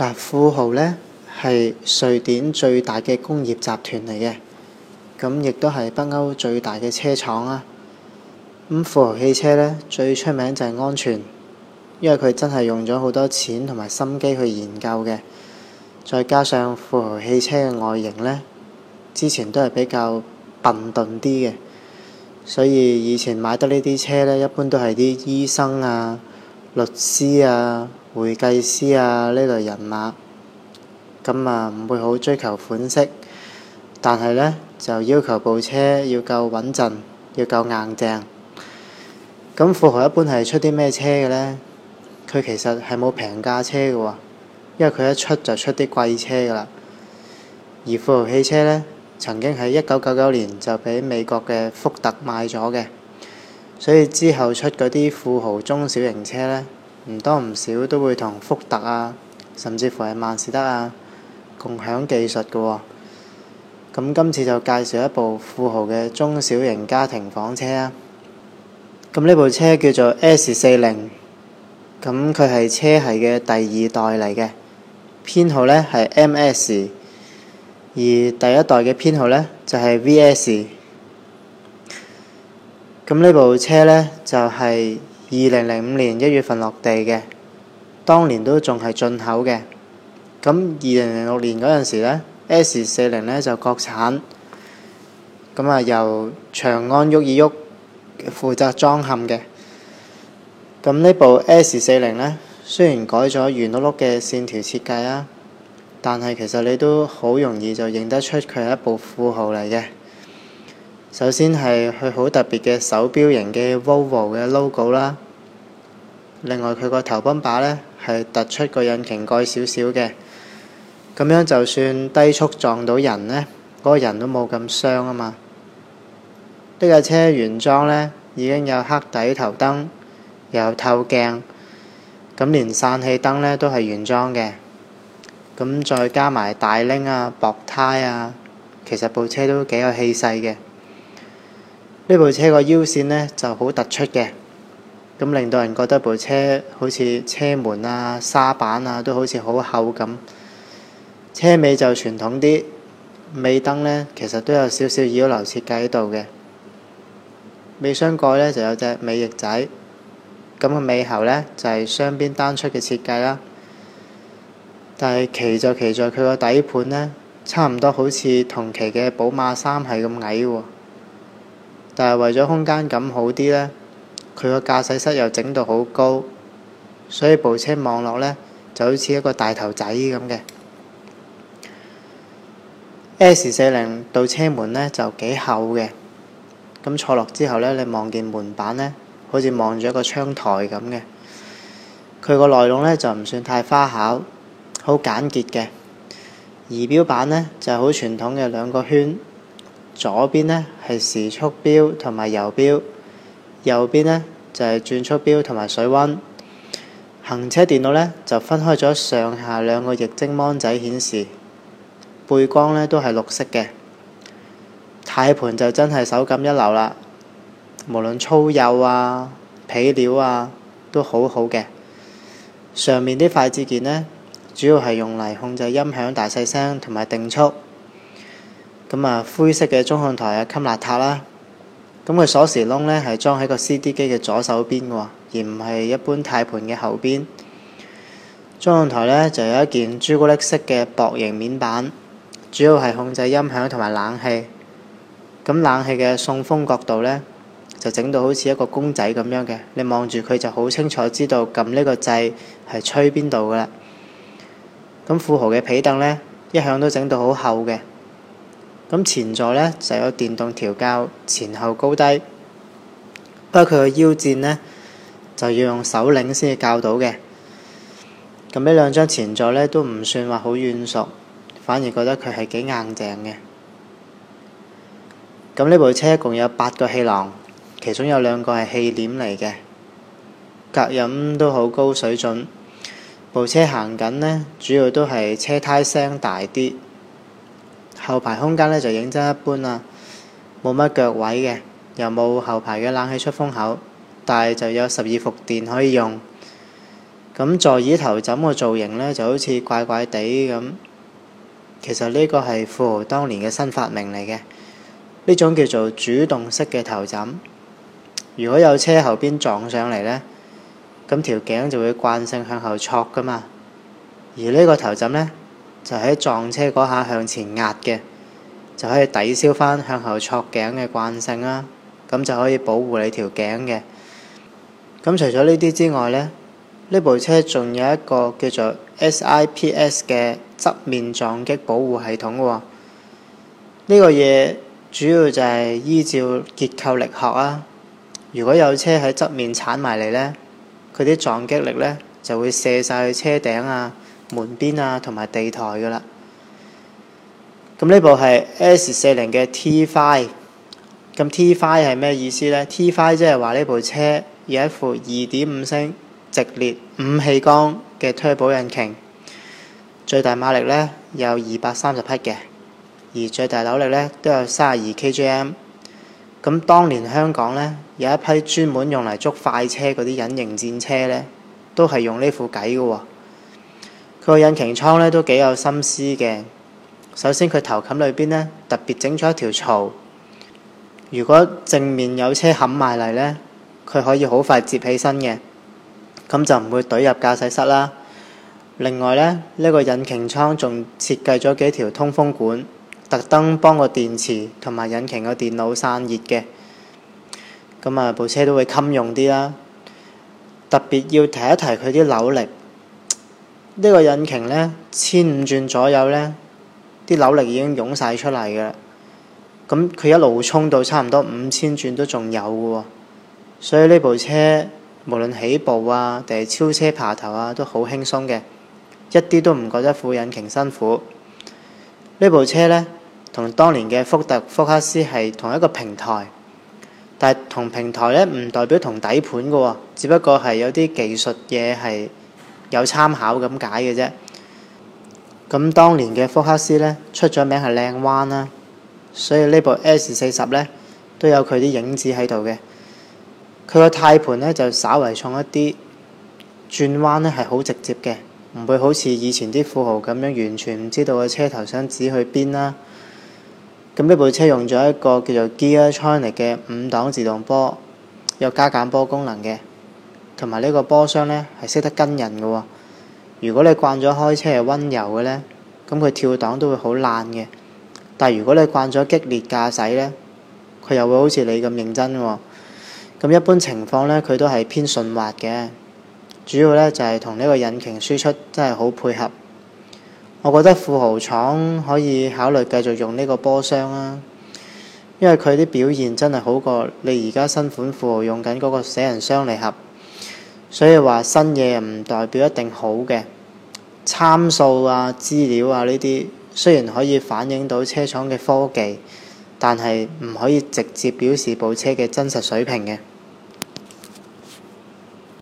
嗱，富豪呢，係瑞典最大嘅工業集團嚟嘅，咁亦都係北歐最大嘅車廠啊。咁富豪汽車呢，最出名就係安全，因為佢真係用咗好多錢同埋心機去研究嘅。再加上富豪汽車嘅外形呢，之前都係比較笨鈍啲嘅，所以以前買得呢啲車呢，一般都係啲醫生啊、律師啊。會計師啊，呢類人物咁啊，唔會好追求款式，但係呢，就要求部車要夠穩陣，要夠硬正。咁富豪一般係出啲咩車嘅呢？佢其實係冇平價車嘅喎，因為佢一出就出啲貴車㗎啦。而富豪汽車呢，曾經喺一九九九年就俾美國嘅福特買咗嘅，所以之後出嗰啲富豪中小型車呢。唔多唔少都會同福特啊，甚至乎係萬事得啊，共享技術嘅喎、哦。咁今次就介紹一部富豪嘅中小型家庭房車啊。咁呢部車叫做 S40，咁佢係車系嘅第二代嚟嘅，編號呢係 MS，而第一代嘅編號呢就係、是、VS。咁呢部車呢，就係、是。二零零五年一月份落地嘅，當年都仲係進口嘅。咁二零零六年嗰陣時呢，S 四零呢就國產，咁啊由長安沃爾沃負責裝嵌嘅。咁呢部 S 四零呢，雖然改咗圓碌碌嘅線條設計啊，但係其實你都好容易就認得出佢係一部富豪嚟嘅。首先係佢好特別嘅手錶型嘅 Volvo 嘅 logo 啦。另外佢個頭泵把呢係突出個引擎蓋少少嘅，咁樣就算低速撞到人呢，嗰人都冇咁傷啊嘛。呢架車原裝呢已經有黑底頭燈，又有透鏡，咁連散氣燈呢都係原裝嘅。咁再加埋大鈴啊、薄胎啊，其實部車都幾有氣勢嘅。呢部車個腰線呢就好突出嘅，咁令到人覺得部車好似車門啊、沙板啊都好似好厚咁。車尾就傳統啲，尾燈呢其實都有少少擾流設計喺度嘅。尾箱蓋呢就有隻尾翼仔，咁個尾喉呢就係雙邊單出嘅設計啦。但係奇就奇在佢個底盤呢，差唔多好似同期嘅寶馬三系咁矮喎。但係為咗空間感好啲呢，佢個駕駛室又整到好高，所以部車望落呢就好似一個大頭仔咁嘅。S 四零到車門呢就幾厚嘅，咁坐落之後呢，你望見門板呢好似望住一個窗台咁嘅。佢個內容呢就唔算太花巧，好簡潔嘅。儀表板呢，就係好傳統嘅兩個圈。左邊呢，係時速表同埋油表，右邊呢，就係、是、轉速表同埋水溫。行車電腦呢，就分開咗上下兩個液晶芒仔顯示，背光呢，都係綠色嘅。軚盤就真係手感一流啦，無論粗幼啊、皮料啊都好好嘅。上面啲快捷鍵呢，主要係用嚟控制音響大細聲同埋定速。咁啊，灰色嘅中控台啊，襟邋遢啦。咁佢鎖匙窿咧係裝喺個 C D 機嘅左手邊喎，而唔係一般軚盤嘅後邊。中控台咧就有一件朱古力色嘅薄型面板，主要係控制音響同埋冷氣。咁冷氣嘅送風角度咧就整到好似一個公仔咁樣嘅，你望住佢就好清楚知道撳呢個掣係吹邊度噶啦。咁富豪嘅皮凳咧一向都整到好厚嘅。咁前座呢就有電動調校前後高低，不過佢個腰墊呢，就要用手擰先至校到嘅。咁呢兩張前座呢都唔算話好軟熟，反而覺得佢係幾硬淨嘅。咁呢部車一共有八個氣囊，其中有兩個係氣簾嚟嘅，隔音都好高水準。部車行緊呢，主要都係車胎聲大啲。後排空間呢就認真一般啦，冇乜腳位嘅，又冇後排嘅冷氣出風口，但係就有十二伏電可以用。咁座椅頭枕嘅造型呢就好似怪怪地咁，其實呢個係富豪當年嘅新發明嚟嘅，呢種叫做主動式嘅頭枕。如果有車後邊撞上嚟呢，咁條頸就會慣性向後錯㗎嘛，而呢個頭枕呢，就喺撞車嗰下向前壓嘅，就可以抵消翻向後挫頸嘅慣性啦，咁就可以保護你條頸嘅。咁除咗呢啲之外呢，呢部車仲有一個叫做 SIPS 嘅側面撞擊保護系統喎。呢個嘢主要就係依照結構力學啊。如果有車喺側面鏟埋嚟呢，佢啲撞擊力呢就會射晒去車頂啊。門邊啊，同埋地台嘅啦。咁呢部係 S 四零嘅 T Five。咁 T Five 係咩意思呢？T Five 即係話呢部車有一副二點五升直列五氣缸嘅 turbo 引擎，最大馬力呢有二百三十匹嘅，而最大扭力呢都有三十二 k g m。咁當年香港呢有一批專門用嚟捉快車嗰啲隱形戰車呢，都係用呢副計嘅喎。佢個引擎艙呢都幾有心思嘅。首先佢頭冚裏邊呢特別整咗一條槽，如果正面有車冚埋嚟呢，佢可以好快接起身嘅，咁就唔會懟入駕駛室啦。另外呢，呢個引擎艙仲設計咗幾條通風管，特登幫個電池同埋引擎個電腦散熱嘅，咁啊部車都會襟用啲啦。特別要提一提佢啲扭力。呢個引擎呢，千五轉左右呢，啲扭力已經湧晒出嚟嘅啦。咁佢一路衝到差唔多五千轉都仲有嘅喎、哦。所以呢部車無論起步啊，定係超車爬頭啊，都好輕鬆嘅，一啲都唔覺得副引擎辛苦。呢部車呢，同當年嘅福特福克斯係同一個平台，但係同平台呢，唔代表同底盤嘅喎，只不過係有啲技術嘢係有參考咁解嘅啫。咁當年嘅福克斯呢，出咗名係靚彎啦，所以呢部 S 四十呢，都有佢啲影子喺度嘅。佢個軚盤呢，就稍微重一啲，轉彎呢係好直接嘅，唔會好似以前啲富豪咁樣完全唔知道個車頭想指去邊啦。咁呢部車用咗一個叫做 Geartronic 嘅五檔自動波，有加減波功能嘅。同埋呢個波箱呢，係識得跟人嘅喎、哦。如果你慣咗開車係溫柔嘅呢，咁佢跳檔都會好爛嘅。但如果你慣咗激烈駕駛呢，佢又會好似你咁認真喎、哦。咁一般情況呢，佢都係偏順滑嘅，主要呢，就係同呢個引擎輸出真係好配合。我覺得富豪廠可以考慮繼續用呢個波箱啦、啊，因為佢啲表現真係好過你而家新款富豪用緊嗰個死人雙離合。所以話新嘢唔代表一定好嘅。參數啊、資料啊呢啲，雖然可以反映到車廠嘅科技，但係唔可以直接表示部車嘅真實水平嘅。